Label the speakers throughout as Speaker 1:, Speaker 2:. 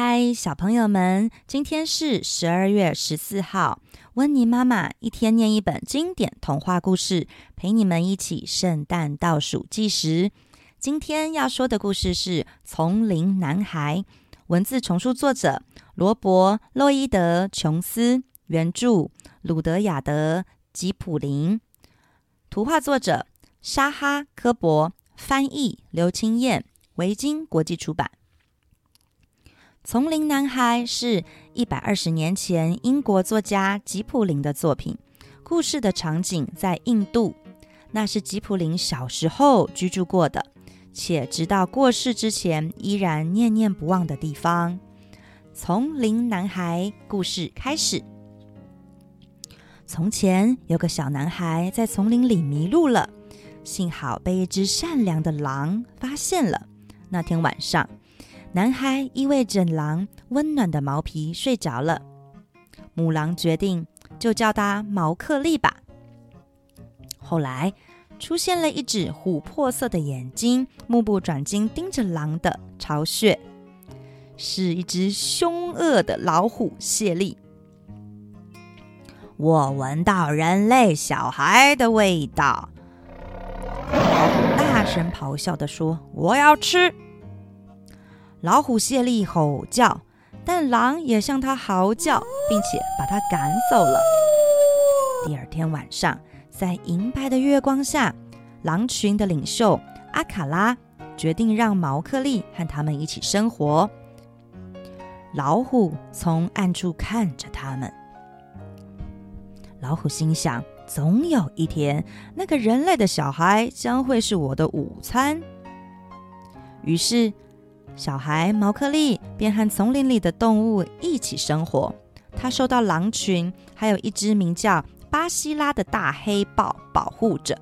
Speaker 1: 嗨，Hi，小朋友們，今天是十二月十四號。溫妮媽媽一天念一本經典童話故事，陪你們一起聖誕倒數計時。今天要說的故事是《叢林男孩》，文字重述作者羅伯·洛伊德·瓊斯，原著魯德亞德·吉卜林，圖畫作者沙哈·柯柏，翻譯劉清彥，維京國際出版。《叢林男孩》是一百二十年前英國作家吉卜林的作品。故事的場景在印度，那是吉卜林小時候居住過的，且直到過世之前依然念念不忘的地方。《叢林男孩》故事開始：從前有個小男孩在叢林裡迷路了，幸好被一隻善良的狼發現了。那天晚上，男孩依偎着狼溫暖的毛皮睡着了，母狼決定就叫它毛克利吧。後來，出現了一隻琥珀色的眼睛，目不轉睛盯着狼的巢穴，是一隻凶惡的老虎謝利。我聞到人類小孩的味道，老虎大聲咆哮地說：“我要吃。”老虎謝利吼叫，但狼也向它嚎叫，並且把它趕走了。第二天晚上，在銀白的月光下，狼群的領袖阿卡拉決定讓毛克利和他們一起生活。老虎從暗處看着他們。老虎心想，總有一天，那個人類的小孩將會是我的午餐。於是。小孩毛克利便和叢林裡的動物一起生活，他受到狼群，還有一隻名叫巴西拉的大黑豹保護着。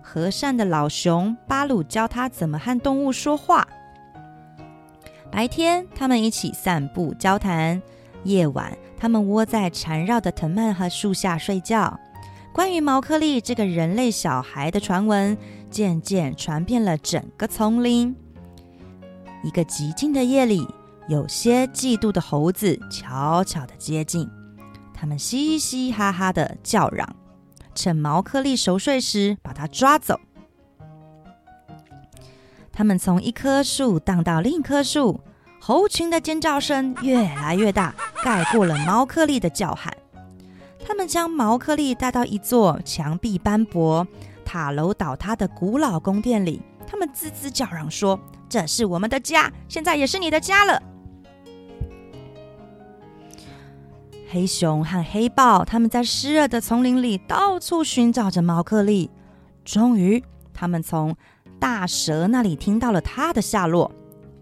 Speaker 1: 和善的老熊巴魯教他怎麼和動物說話。白天，他們一起散步交談；夜晚，他們窩在纏繞的藤蔓和樹下睡覺。關於毛克利這個人類小孩的傳聞，漸漸傳遍了整個叢林。一個寂靜的夜裡，有些嫉妒的猴子悄悄地接近，它們嘻嘻哈哈的叫嚷，趁毛克利熟睡時把他抓走。他們從一棵樹盪到另一棵樹，猴群的尖叫聲越來越大，蓋過了毛克利的叫喊。他們將毛克利帶到一座牆壁斑駁、塔樓倒塌的古老宮殿裡。他們吱吱叫嚷說：“這是我們的家，現在也是你的家了。”黑熊和黑豹他們在濕熱的叢林裡到處尋找着毛克利。終於，他們從大蛇那裡聽到了他的下落。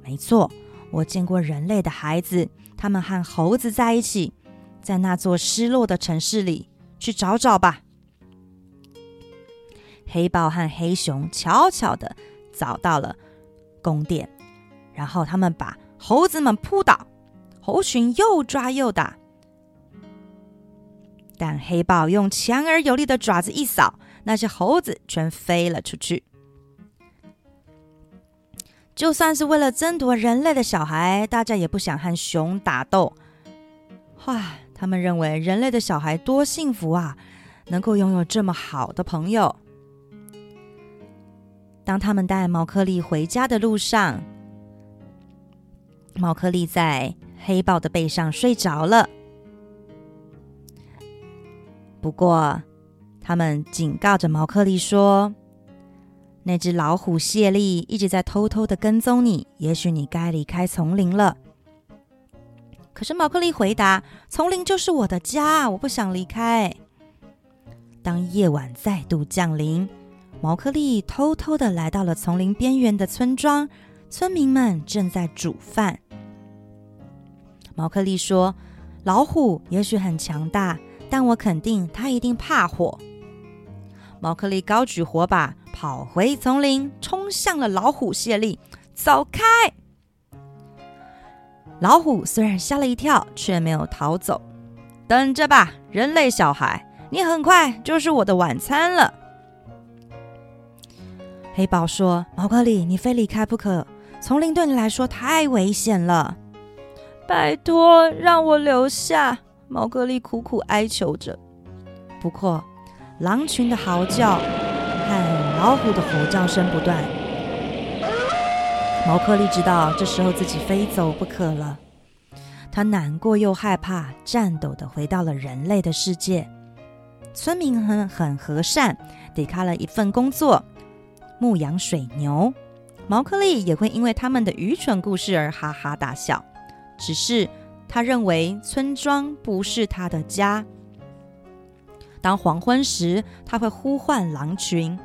Speaker 1: 沒錯，我見過人類的孩子，他們和猴子在一起，在那座失落的城市裡去找找吧。黑豹和黑熊悄悄地找到了宮殿，然後他們把猴子們撲倒，猴群又抓又打，但黑豹用強而有力的爪子一掃，那些猴子全飛了出去。就算是為了爭奪人類的小孩，大家也不想和熊打鬥。哇，他們認為人類的小孩多幸福啊，能夠擁有這麼好的朋友。當他們帶毛克利回家的路上，毛克利在黑豹的背上睡着了。不過，他們警告着毛克利說：“那隻老虎謝利一直在偷偷地跟蹤你，也許你該離開叢林了。”可是毛克利回答：“叢林就是我的家，我不想離開。”當夜晚再度降臨。毛克利偷偷地來到了叢林邊緣的村莊，村民們正在煮飯。毛克利說：“老虎也許很強大，但我肯定它一定怕火。”毛克利高舉火把，跑回叢林，衝向了老虎謝利：“走開！”老虎雖然嚇了一跳，卻沒有逃走。等着吧，人類小孩，你很快就是我的晚餐了。黑寶說：“毛克利，你非離開不可，叢林對你來說太危險了。”“拜托，讓我留下。”毛克利苦苦哀求着。不過，狼群的嚎叫和老虎的吼叫聲不斷。毛克利知道，這時候自己非走不可了。他難過又害怕，顫抖地回到了人類的世界。村民很很和善，給他了一份工作。牧羊水牛，毛克利也會因為他們的愚蠢故事而哈哈大笑，只是他認為村莊不是他的家。當黃昏時，他會呼喚狼群；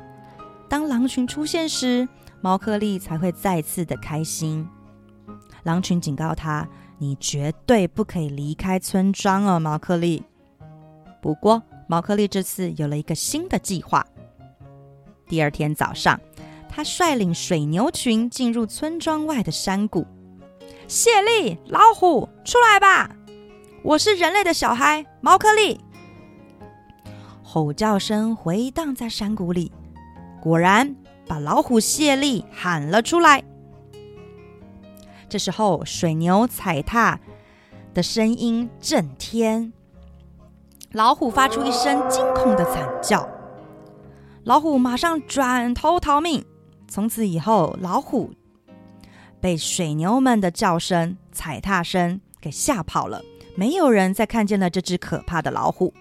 Speaker 1: 當狼群出現時，毛克利才會再次的開心。狼群警告他：“你絕對不可以離開村莊哦，毛克利。”不過，毛克利這次有了一個新的計劃。第二天早上，他率領水牛群進入村莊外的山谷。謝利，老虎，出來吧！我是人類的小孩，毛克利。吼叫聲回盪在山谷裡，果然把老虎謝利喊了出來。這時候，水牛踩踏的聲音震天，老虎發出一聲驚恐的慘叫。老虎馬上轉頭逃命。從此以後，老虎被水牛們的叫聲、踩踏聲給嚇跑了。沒有人再看見了這隻可怕的老虎。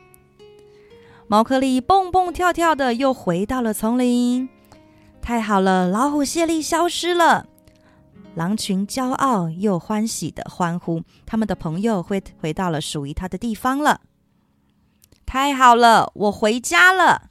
Speaker 1: 毛克利蹦蹦跳跳的又回到了叢林。太好了，老虎謝利消失了。狼群驕傲又歡喜的歡呼，他們的朋友會回到了屬於他的地方了。太好了，我回家了。